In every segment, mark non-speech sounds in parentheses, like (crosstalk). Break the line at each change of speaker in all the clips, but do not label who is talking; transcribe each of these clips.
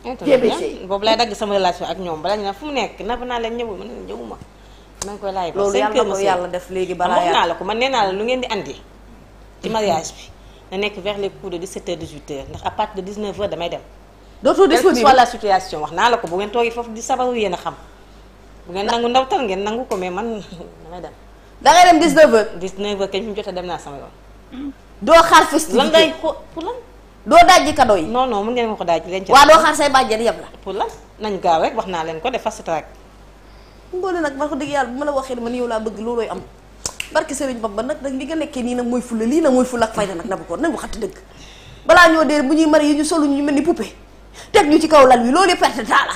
Eh, TBC boobu lay dagg sama relation ak ñoom balaa ñu fu mu nekk nab naa leen ñëwul man ñëwuma. maa ngi koy laaj ba seen kër ma yàlla def léegi balaa ah, yàlla naa la ko man nee naa la lu ngeen di andi. ci mm-hmm. mariage bi na nekk vers les coups de 17h 18h ndax à de 19h damay dem. dootoo disponible soit la situation wax naa la ko bu ngeen toogee foofu di sabaru yéen a xam. bu ngeen nangu ndawtal ngeen nangu ko mais man (laughs) damay dem. da ngay dem 19h. 19h kañ fi mu dem naa sama yoon. doo dajji kado yi. non non mun ngeen ma ko dajji leen doo xaar say bàjjen yëpp la. pour la rek wax naa leen ko de fast track.
Ngoné nag man dëgg yàlla bu ma la waxee man yow laa bëgg loolooy am barke Serigne Bamba nag nag li nga nekkee nii nag mooy fula lii nag mooy fula ak fayda nag nabu ko nañ waxati dëgg balaa ñoo dee bu ñuy mari yi ñu solu ñu mel ni poupée teg ñu ci kaw lal wi loolu perte taa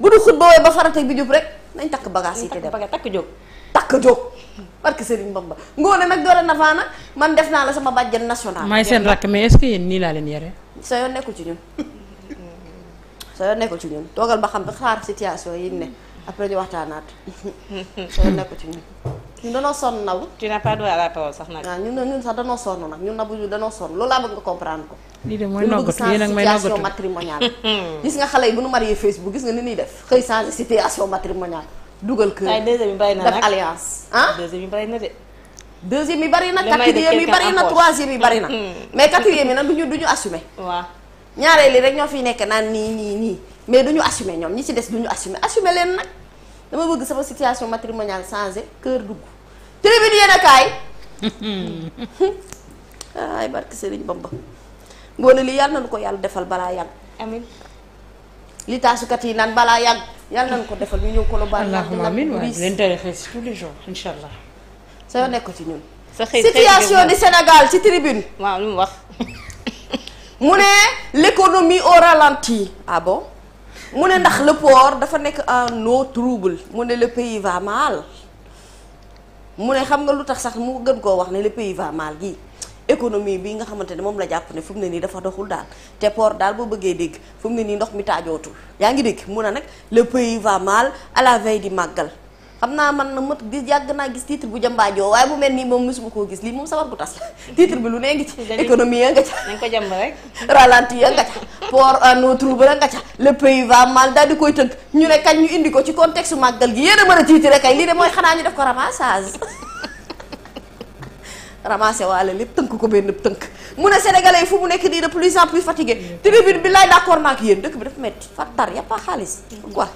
bu du xut ba woy ba farata bi jóg rek nañ takk bagage yi te dem takk jóg barke Serigne Bamba ngoone nag doole na faana man def naa la sama bàjjen national. maay seen rakk
mais est-ce nii laa leen yore.
sa yoon nekkul ci ñun sa yoon nekkul ci ñun toogal ba xam ba xaar situation yi ne après ñu waxtaanaat sa yoon nekkul ci ñun. ñun danoo sonn nabu. tu n'as pas à la parole sax nag. waaw ñun danoo sonn loolu laa bëgg nga comprendre ko.
lii de mooy noggatu yéen ak may noggatu situation
gis nga xale yi bu nu marié Facebook gis nga ni ñuy def xëy changer situation matrimoniale. dugal kër tay deuxième yi bari na nag def alliance ah, ah? deuxième yi bari na de. deuxième yi bari na quatrième yi bari na yi bari na. Hmm. mais quatrième yi nag du ñu du assumé. waaw ñaareel yi rek ñoo fi nekk naan nii nii nii mais du ñu assumé ñoom ñi si des du ñu assumé assumé leen nag dama bëgg sama situation matrimoniale changé kër dugg. tribune yéen a kaay.
(laughs)
(laughs) ay barke Serigne Bamba ngoone li yàlla na lu ko yàlla defal balaa yàgg. amiin li taasukat yi naan balaa yàgg. yàlla nañ ko defal ñu ñëw Colobane. allahumma amiin waay leen
tarixe si tous les jours incha allah.
sa nekk ko ci ñun.
sa xëy situation du Sénégal ci tribune. waaw lu
mu ne l'économie au ralenti. abo ah mu ne ndax le port dafa nekk en eau trouble mu ne le pays va mal mu ne xam nga lu tax sax mu gën koo wax ne le pays va mal gii. économie bi nga xamante ne moom la jàpp ne fu mu ne nii dafa doxul daal te port daal boo bëggee dégg fu mu ne nii ndox mi taajootul yaa ngi dégg mu a nag le pays va mal à la veille di màggal xam naa man na mët gis yàgg naa gis titre bu jàmbaajoo waaye bu mel nii moom mosuma koo gis lii moom sawar gu tas la (laughs) titre bi lu nee ngi ci économie ya nga ca ko jàmb rek ralenti ya nga ca port à nos troubles ya nga ca le pays va mal daal di koy tënk ñu ne kañ ñu indi ko ci contexte màggal gi yéen a mën a lii mooy xanaa ñu def ko ramassage (laughs) ramassé waale lépp tënk ko benn tënk mu ne sénégalais yi fu mu nekk nii de plus en plus fatigué tribune bi laay d'accord naa ak yéen dëkk bi dafa métti fattar y a pas xaalis pourquoi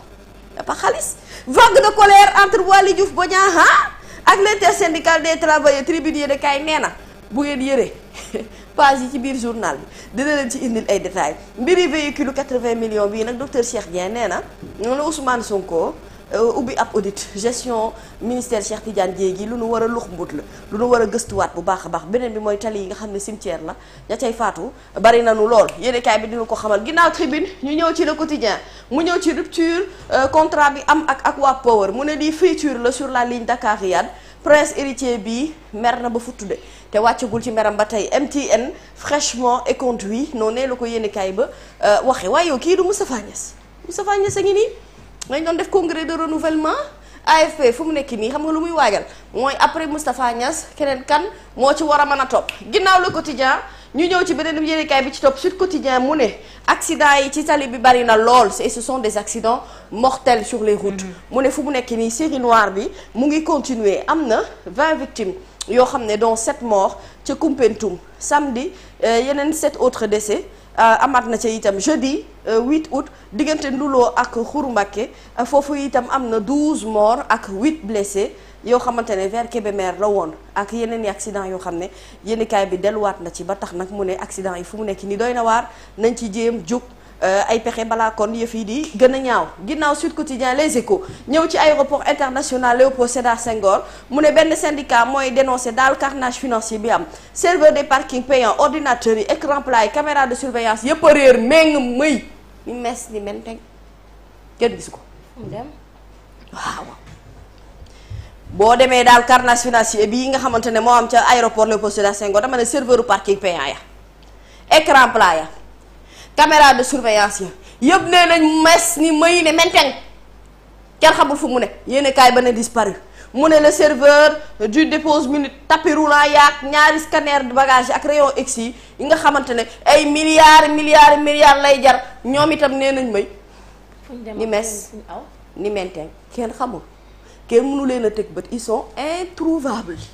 a pas xaalis vague de colère entre Waly Diouf Bodian ah ak l'intersyndicale des travailleurs tribune yéen kaay nee na bu ngeen yëree (laughs) page yi ci biir journal bi dina leen ci indi ay détails mbiri véhicule 80 million bii nag docteur Cheikh Dieng nee na noonu Ousmane Sonko Euh, ubbi ab audit gestion ministère Cheikh Tidiane jee gi lu nu war a lux mbut la lu nu war a gëstuwaat bu baax a baax beneen bi mooy tali yi nga xam ne cimetière la ña cay faatu bari nanu lool yéenekaay bi dina ko xamal ginnaaw tribune ñu ñëw ci la le quotidien mu ñëw ci rupture euh, contrat bi am ak ak waa Power mu ne lii friture la sur la ligne Dakar Riyad prince héritier bi mer na ba futtude te wàccagul ci meram ba tey MTN fraîchement et conduit noonu ne la ko yéenekaay ba euh, waxe waaye yow kii du Moustapha Niasse Moustapha Niasse lañ doon def congrès de renouvellement AFP fu mu nekk nii xam nga lu muy waajal mooy après Moustapha Niass keneen kan moo ci war a mën a topp ginnaaw le quotidien ñu ñëw ci beneen yéenekaay bi ci topp Sud Quotidien mu ne accident yi ci tali bi bari na lool et ce sont des accidents mortels sur les routes mm-hmm. mu ne fu mu nekk nii série noire bi mu ngi continuer am na 20 victimes yoo xam ne dont 7 morts ca Koumpentoum samedi euh, yeneen 7 autres décès Euh, amaat na ca itam jeudi 8 euh, août diggante Nduloo ak Xuru Mbàkke euh, foofu itam am na 12 morts ak 8 blessés yoo xamante ne vers Kébémer la woon ak yeneen i accident yoo xam ne yéenekaay bi delluwaat na ci ba tax nag mu ne accident yi fu mu nekk ni doy na waar nañ ci jéem jóg Euh, ay pexe balaa kon yëf yi di gën a ñaaw ginnaaw Sud Quotidien Les ko ñëw ci aéroport international Léopold Sédar Senghor mu ne benn syndicat mooy dénoncé daal carnage financier bi am serveur de parkings payants ordinateurs yi écran plat yi caméra de surveillance yëpp a réer méng mëy ni ni men teg kenn gis ko
waaw
boo demee daal carnage financier bii nga xamante ne moo am ca aéroport Léopold Sédar Senghor dama ne serveur parking payant ya écran plat ya caméra de surveillance ya yëpp nee nañ mes ni may ne menteng kenn xamul fu mu ne yéen kaay ba ne disparu mu ne le serveur du dépose minute tapis roulant yaag ñaari scanner de bagage ak rayon X yi nga xamante ne ay milliards milliards milliards lay jar ñoom itam nee nañ may ni mes ni menteng kenn xamul kenn mënu leen a teg bët ils sont introuvables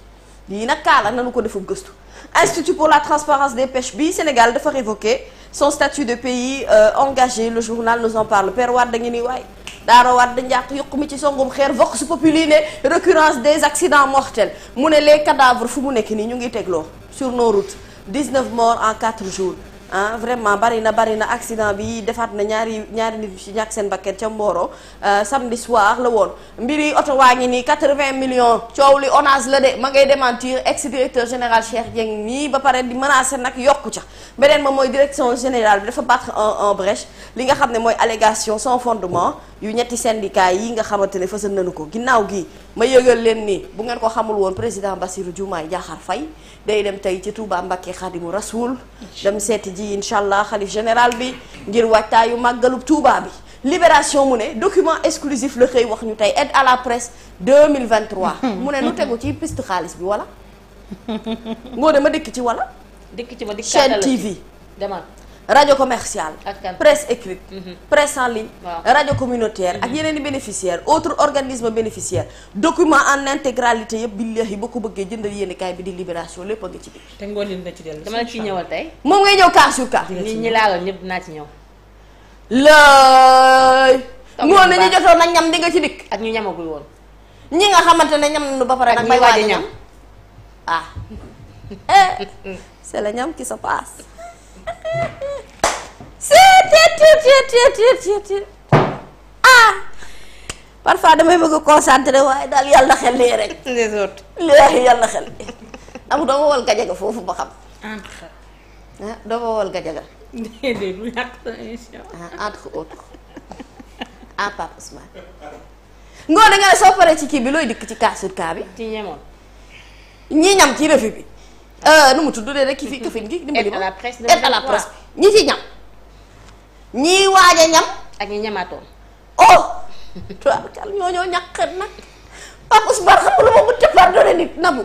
lii nag kaala nanu ko defum gëstu institut pour la transparence des pêches bi Sénégal dafa révoqué son statut de pays euh, engagé le journal nous en parle Père Wade da ngeen ni waay daara Wade njàq yokk mi ci songum xeer vox populi ne récurrence des accidents mortels mu ne les cadavres fu mu nekk nii ñu ngi tegloo sur nos routes 19 morts en quatre jours ah vraiment bari na bari na accident bi defaat na ñaari ñaari nit ci ñàkk seen bakkan ca Mboro ah, samedi soir la woon mbiri oto waa ngi nii 80 millions coow li onage la de ma ngay démentir ex directeur général Cheikh Dieng nii ba pare di menacer nag yokku ca beneen ma mooy direction général bi dafa battre en en brèche li nga xam ne mooy allégation sans fondement yu ñetti syndicat yi nga xamante ne fësal nañu ko ginnaaw gi ma yëgal leen ni bu ngeen ko xamul woon président Bassirou Diomaye Diakhar fay day dem tey ci Touba Mbacké Khadimu Rasoul dem seeti ji incha allah xalif général bi ngir waajtaayu màggalub Touba bi libération mu ne document exclusif la xëy wax ñu tey aide à la presse 2023 mu ne nu tegu ci piste xaalis bi wala (laughs) ngoo ne ma dëkk ci wala dëkk ci ma dikk chaîne TV demal radio commercial presse écrite mhm. presse en ligne radio communautaire ak mhm. yeneen i bénéficiaire autre organisme bénéficiaire document en intégralité yëpp billahi boo ko bëggee jëndal yéen kaay bi di libération lépp a ngi ci biir te ngoon li na
ci dellu dama la ciy ñëwal tey moom ngay ñëw cas sur cas ñi ñi laaloon ñëpp dinaa ci ñëw laay
ngoon na ñu nag
ñam di nga ci dikk ak ñu ñamagul woon ñi
nga xamante ne ñam nañu ba pare nag bay waaj a ñam ah (laughs) eh, c'est ñam qui se passe (laughs) ah parfois damay bëgg a concentré waaye daal yàlla xel lii rek. (laughs) yàlla xel amul doo ma wol gajaga foofu ba xam. entre. ah doo ma wol gajaga.
déedéet bu yàq sa émission. ah,
ah soo paree ci kii bi looy dikk ci cas sur cas bi. ci ñemoon. ñi ñam ci revue bi. Euh, nu tudd de rek ki fi kafin gi. dimbali ma aide la presse ñi ci ñam. ñii waaj a ñam. ak ñi ñamaatoon. oh. waaw kàlla ñoo ñoo ñàkk nag Pape Ousmane xam nga lu ma mënut a pardonné nit nabu.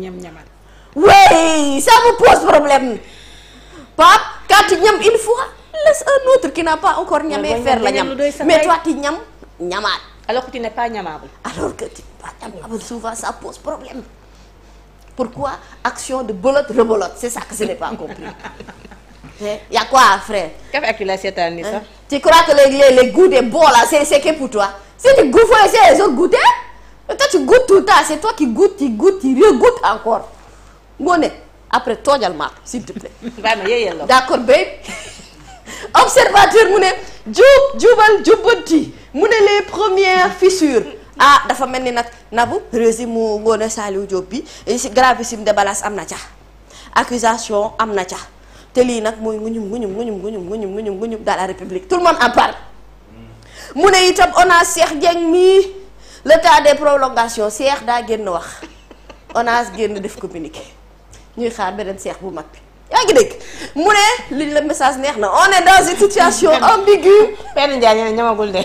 ñam ñamal. oui ça me pose problème Pape quand tu ñam une fois un autre qui n'a pas encore ñamee faire la ñam mais toi tu
ñam ñamaat. alors que tu n'es pas ñamaable.
alors souvent ça pose problème. pourquoi action de belote rebolote c'est ça que je n'ai pas compris. (laughs) Eh, y
a quoi frère. café ak yu lay seetaan nii sax.
tu crois que les les les goûts des bords là toi si tu goûtes faut laisser les autres goûter tout le temps toi qui goûtes qui goûtes qui encore ngoone eh, après toojal ma s'il te plaît.
baax na yéyal la d'accord
babe (laughs) observateur mu ne jub jubal jubbanti mu ne les premières fissures. ah dafa mel ni nag Nabou résumé mu Ngoné Saliou Diop bi si gravissime déballage am na ca accusation am na ca. te lii nag mooy nguñum nguñum nguñum nguñum nguñum nguñum nguñum dans la république tout le monde en parle mm. mu ne itam on a Cheikh Dieng mii le temps des prolongations Cheikh daa génn wax on a génn def communiqué ñuy xaar beneen Cheikh bu mag bi yaa ngi dégg mu ne liñ la message neex na on est dans une situation (laughs) ambiguë. Père Ndiaye ñeneen ñamagul de.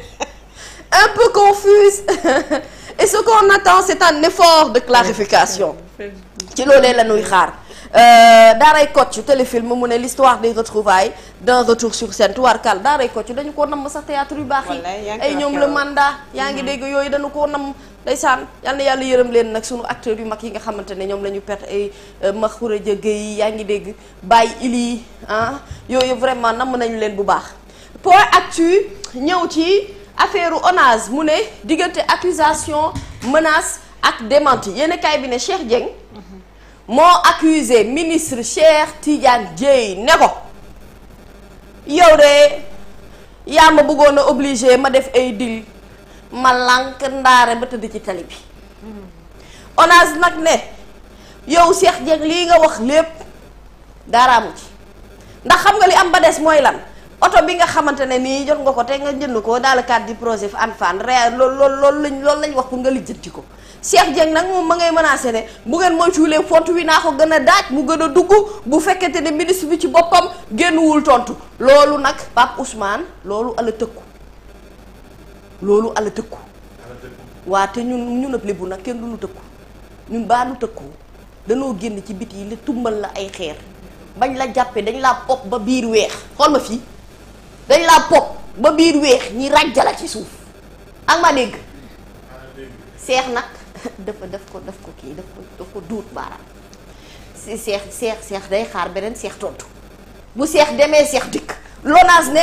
(laughs) un peu confuse (laughs) et ce qu'on attend c'est un effort de clarification ci loolee la ñuy xaar. Euh, daaray Kocc téléfilm mu ne l'histoire des retrouvailles d'un retour sur scène tuwarkal daaray Kocc dañu ko namm sax théâtre yu baax yi ay ñoom le mandat yaa ngi mm-hmm. dégg yooyu dañu ko nam day saan na yàlla yërëm leen nag sunu acteur yu mag yi nga xamante ne ñoom la ñu perte ay euh, Makhoury Diagne yi yaa ngi dégg bàyyi Ili ah yooyu vraiment nam nañu leen bu baax point actu ñëw ci affaire ONAS mu ne diggante accusation menace ak démenti yéen kaay bi ne Cheikh Dieng moo accusé ministre Cheikh tiijaan Dièye ne ko yow de yaa ma bëggoon obliger obligé ma def ay dil ma lànk ndaare ba tëdd ci tali bi ONAS nag ne yow Cheikh Dieng lii nga wax lépp daaraamu ci ndax xam nga li am ba des mooy lan oto bi nga xamante ne nii jot nga ko te nga jënd ko daal le cadre du projet Anfane réel loolu loolu loolu lañ loolu lañ wax pour nga lijjanti ko Cheikh Dieng nag moom ma ngay mën ne bu ngeen moytuwulee font wi naa ko gën a daaj mu gën a dugg bu fekkete ne ministre bi ci boppam génnuwul tontu loolu nag Pape Ousmane loolu ala tëkku loolu ala tëkku waa te ñun ñun ab lébu nag kenn du ñu tëkku ñun baa nu tëkku danoo génn ci biti yi li tumbal la ay xeer bañ la jàppee dañ la pop ba biir weex xol ma fii dañ la pop ba biir weex ñi ràjjala ci suuf ak ma dégg seex nag dafa daf ko daf ko kii daf ko daf duut baaraam si seex seex seex day xaar beneen seex tontu bu seex demee seex dikk lonaas ne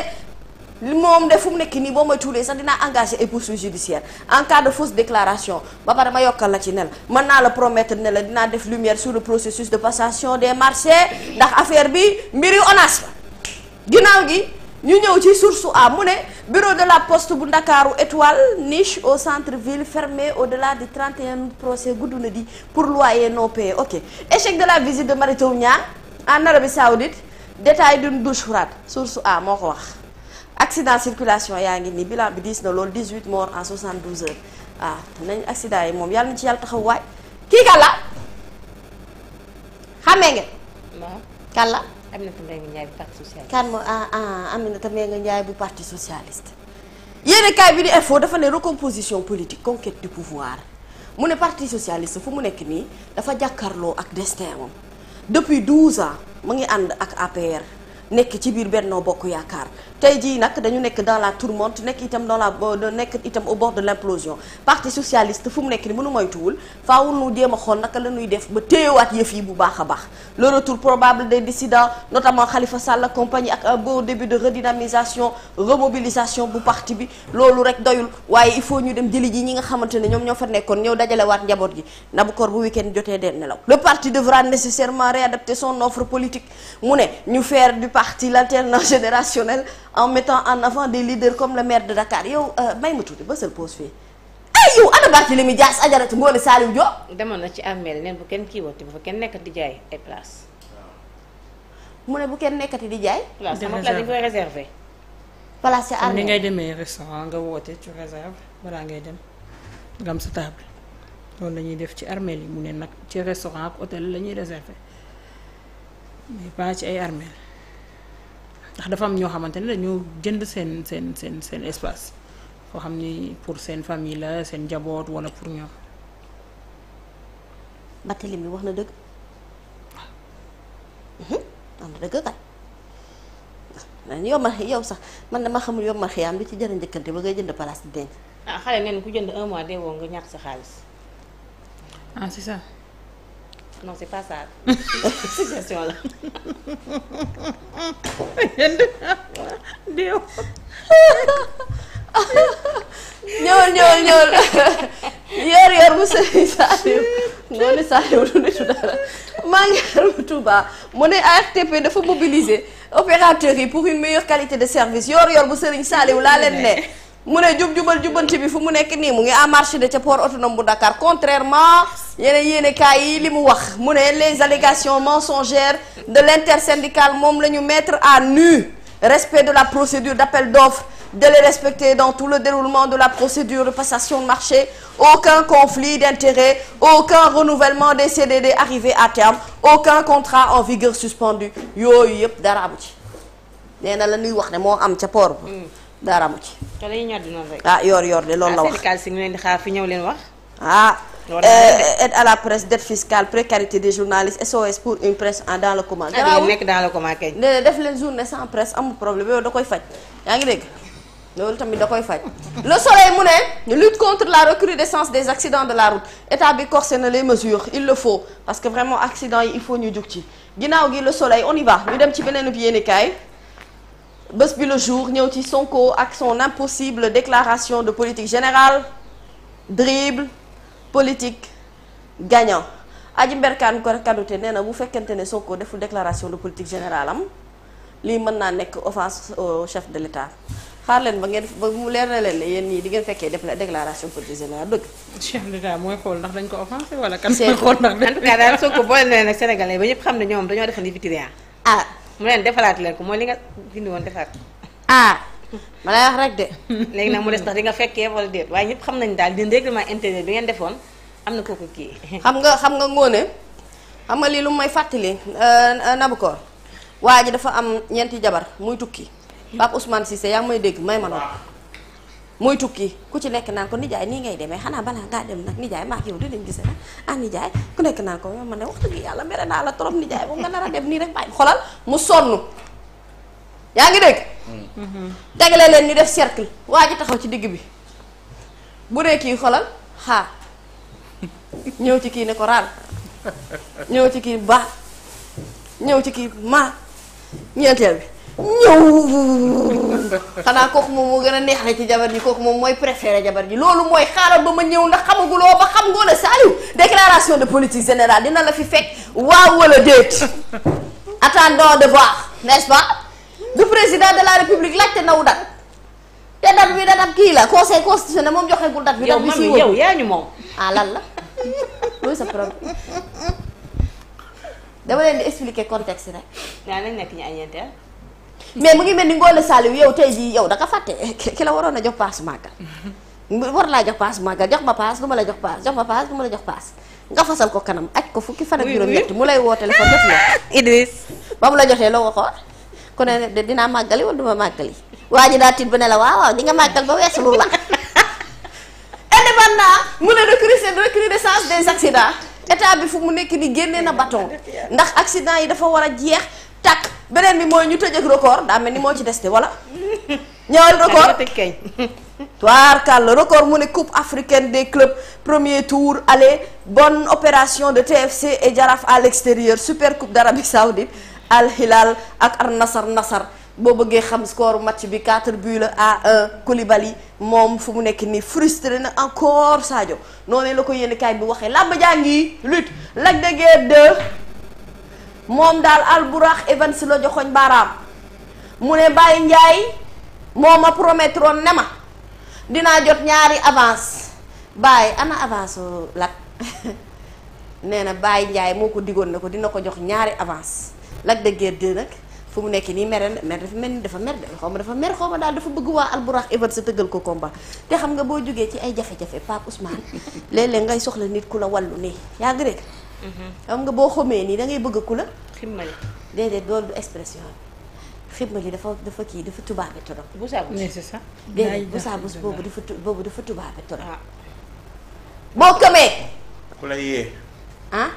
moom de fu mu nekk nii boo may tuulee sax dinaa engagé ay poursuites judiciaires en cas de fausse déclaration ba pare ma yokkal la ci ne la mën naa la promettre ne la dinaa def lumière sur le processus de passation des marchés ndax affaire bi mbiri ONAS la ginnaaw gi ñu ñëw ci source a mu ne bureau de la post bu ndakaaru étoile niche au centre ville fermé au delà du 31 procès gudd na di pour loyer non payé ok échec de la visite de Mary Teuw Niane en Arabie saoudite détail d'une douche froide source A moo ko wax accident circulation yaa ngi nii bilan bi diis na loolu 18 morts en 72 heures ah nañ accident yi moom yàlla na ci yàlla taxaw waay kii kàlla xamee ngeen. waaw Aminata Mbengue Ndiaye bu parti socialiste. kan mooy ah ah Ndiaye bu parti socialiste. yéen kaay bi di info dafa ne recomposition politique conquête du pouvoir mu ne parti socialiste fu mu nekk nii dafa jàkkaarloo ak destin moom depuis 12 ans mu ngi ànd ak APR. nekk ci biir Benno Bokk Yaakaar tey jii nag dañu nekk dans la tourmente nekk itam dans la nekk itam au bord de l'implosion parti socialiste fu mu nekk ni mënu moytuwul faaw nu jéem a xool naka la ñuy def ba téyewaat yëf yi bu baax a baax le retour probable des dissidents notamment Khalifa Sall bu parti bi loolu rek doyul waaye il faut ñu dem jëli ji ñi nga xamante ne ñoom ñoo fa nekkoon ñëw dajalewaat njaboot gi na bu koor bu week-end jotee den nelaw le parti devra nécessairement réadapter offre politique mu ne ñu faire parti l'alternance générationnelle en mettant en avant des leaders comme le maire de Dakar yow may euh, ma tuuti ba seul pause fii ay yow ana Barthélémy Dias Adjaratou Ngoné Saliou
Diop demoon na ci armeel neen bu kenn kii woote bu fa kenn nekkati di jaay ay place
mu ne bu kenn nekkati di jaay place sama place dañ koy réservé
place ci armeel ni ngay demee restaurant nga woote ci réserve balaa ngay dem nga am sa table loolu la ñuy def ci armeel yi mu ne nag ci restaurant ak hôtel la ñuy réservé mais ndax dafa am ñoo xamante ne dañoo jënd seen seen seen seen espace koo xam ni pour seen famille la seen njaboot wala pour ñor ñoom. Barthélémy wax na dëgg.
am mhm. na dëgg kat yow ma yow sax man dama xamul yow ma xiyaam li ci jëriñ njëkkante ba ngay jënd place di denc.
ah xale neen ku jënd un mois de woo nga ñàkk sa xaalis. ah c'est ça. non si pas ça suggestion la. déw. ñëwal ñëwal ñëwal
yor yor bu sëriñ Saliou noonu Saliou du nitu dara maa ngi bu mu ne ARTP dafa mobiliser opérateurs yi pour une meilleure qualité de service yor yor bu sëriñ Saliou laa leen ne. mu ne jub jubal jubbanti bi fu mu nekk nii mu ngi en marché de ca port autonome bu Dakar contrairement yeneen yéene kaay yi li mu wax mu ne les allégations mensongères de l'intersyndicale moom la ñu mettre à nu respect de la procédure d'appel d'offres de les respecter dans tout le déroulement de la procédure de passation de marché aucun conflit d'intérêt aucun renouvellement des CDD arrivé à terme aucun contrat en vigueur suspendu yooyu yëpp dara amu ci nee na la ñuy wax ne moo am ca port dara mu ci.
te day ñor dina rek. ah yor yor de loolu la ah, wax ah si leen di xaar
ah, euh, aide à la presse dette fiscale précarité des journalistes SOS pour une presse en dans le coma. Ah, def leen journée sans presse amul problème yow da faj yaa ngi dégg. loolu tamit da koy faj le soleil mu ne lutte contre la recrudescence des accidents de la route état bi corsé na les mesures il le faut parce que vraiment accident yi il faut ñu jug ci ginnaaw gi le soleil on y ñu dem ci beneen bi bés bi le jour ñëw ci Sonko ak son impossible déclaration de politique générale dribble politique gagnant aji mberkaan ko kadute nee na bu fekkente ne Sonko deful déclaration de politique générale am lii mën naa nekk offense au chef de
l'État xaar leen ba ngeen ba mu leer na leen ne yéen ñii di ngeen fekkee def la déclaration politique générale dëgg. chef de mooy xool ndax dañ ko offensé wala kan. mooy xool ndax en tout Sonko boole leen ak sénégalais ba ñëpp xam ne ñoom dañoo defandi vitrière ah, mu neen defalaat leen ko mooy li nga dindi woon defaat ah ma lay wax rek de. (laughs) léegi nag mu des ndax di nga fekkee wala déet waaye ñëpp xam nañ daal di règlement intérieur bi ngeen defoon am na kooku kii. (laughs) xam nga xam nga ngoone xam nga lii lu may fàttali
euh, Nabukoor waa ji dafa am ñeenti jabar muy tukki Pape Ousmane Cissé yaa ngi may dégg may ma noonu. mooy tukki ku ci nekk naan ko nijaay nii ngay demee xanaa balaa ngaa dem nag nijaay maak yow dinañ gise nag a ah, nijaay ku nekk naan ko yow man ne wax dëgg yàlla mere naa la trop nijaay moom nga nar a dem nii rek bàyyi xolal mu sonn yaa ngi dégg tegale mm-hmm. leen ñu def cercle waa ji taxaw ci digg bi bu dee kii xolal xaar ñëw ci kii ne ko raal ñëw ci kii baax ñëw ci kii maa ñeenteel bi ñëw xanaa kooku moom moo gën a neex la ci jabar ji kooku moom mooy préféré jabar ji loolu mooy xaaral ba ma ñëw ndax xamaguloo ba xam ngoon a Saliou déclaration de politique générale dina la fi fekk waaw wala déet attendons de voir n'est-ce pas du président de la république laajte naw dat te dat bi dat ab kii la conseil constitutionnel moom joxegul dat bi dat bi si yow yaa
ñu moom ah lan la dama leen di expliquer contexte rek daa nañ nekk ñu
mais mu ngi mel ni Ngolle Saliou yow tey jii yow da nga fàtte ki la waroon a jox paas màggal war laa jox paas màggal jox ma paas du ma la jox paas jox ma paas du ma jox paas nga fasal ko kanam ak ko fukki fan ak juróom-ñett mu lay woo téléphone def la (laughs) Idriss ba mu la joxee loo waxoon ku ne dinaa màggali wala du ma màggali waa ji daa tiit ba ne la waaw waaw di nga màggal ba weesu lu la (laughs) de mu ne recrudescence recrudescence des accidents bi fu mu nekk ni génnee na bâton (laughs) ndax accident yi dafa war a jeex takk beneen bi mooy ñu tëj ak record daa mel ni moo ci des de wala. (laughs) ñëwal record (laughs) tubaarkàlla record mu ne coupe africaine de clubs premier tour aller bonne opération de TFC et Jaraaf à l'extérieur super coupe d'Arabie Saoudite Al ak Al nasar nasar boo bëggee xam score match bi 4 buts la à 1 Koulibaly moom fu mu nekk nii frustré na encore Sadio noonu la ko yéen kaay bi waxee làmb jaa ngi lutte Lac de moom daal alburax Evans la joxoñ baaraam mu ne Baye Ndiaye moo ma promettroon ne ma dinaa jot ñaari avance Baye ana avance Lat (laughs) nee na Baye Ndiaye moo ko digoon ne ko dina ko jox ñaari avance Lac de Guiers 2 nag fu mu nekk nii mere mer dafa mel ni dafa mer xaw ma dafa mer xaw ma daal dafa bëgg waa alburax Evans sa tëggal ko combat te xam nga boo jógee ci ay jafe-jafe Pape Ousmane (laughs) léeg ngay soxla nit ku la wallu nii yaa ngi Mm-hmm. xam nga boo xamee nii dangay ngay bëgg ku la. ximmali déedéet loolu du expression ximmali dafa dafa kii dafa tubaabe trop. busaabus mais c'est ça. déedéet busaabus boobu dafa tu boobu dafa tubaabe trop. Ah. boo këmee. ku la yee. ah.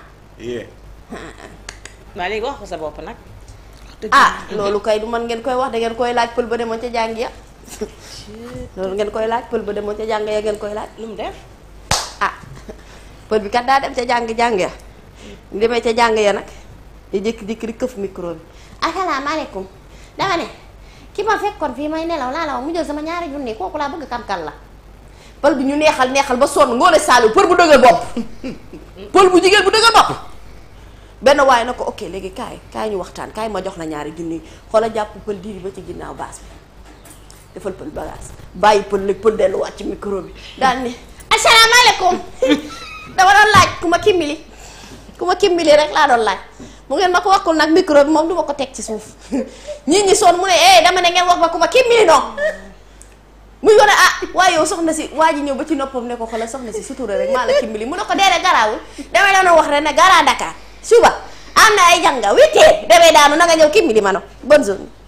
léegi wax ko sa bopp nag.
ah loolu kay du man ngeen koy wax dangeen koy laaj pël ba demoon ca jàng ya loolu ngeen koy laaj pël ba demoon ca jàng ya ngeen koy laaj. lu mu def ah pël bi kat daa dem ca jàng jàng ya. demee ca jàng ya nag di jékki-jékki di këf micro bi asalaamaaleykum dama ne ki ma fekkoon fii may nelaw laa la wax mu sama ñaari junni kooku laa bëgg kamkal la pël bi ñu neexal neexal ba sonn ngoone saali pël bu dëgër bopp (laughs) pël bu jigéen bu dëgër bopp benn waaye na ko ok léegi kaay kaay ñu waxtaan kaay ma jox na ñaari junni xoola jàpp pël diiri ba ci ginnaaw baas bi defal pël bagage bàyyi pël li pël delluwaat ci micro bi daal ne asalaamaaleykum (laughs) dama ku ma kimbi lii rek laa doon laaj mu ngeen ma ko waxul nag micro bi moom du ko teg ci suuf (laughs) nit ñi soon mu ne eh, dama ne ngeen wax ma ku ma kimbi noonu (laughs) muy wane ah waaye yow soxna si waa ji ñëw ba ci noppam ne ko xoolal soxna si sutura rek maa la kimbi lii mu ne ko dee rek garaawul damay doon wax rek ne garaa Dakar suba am na ay jànga wittee damay daanu na nga ñëw kimbi li ma no bonne journée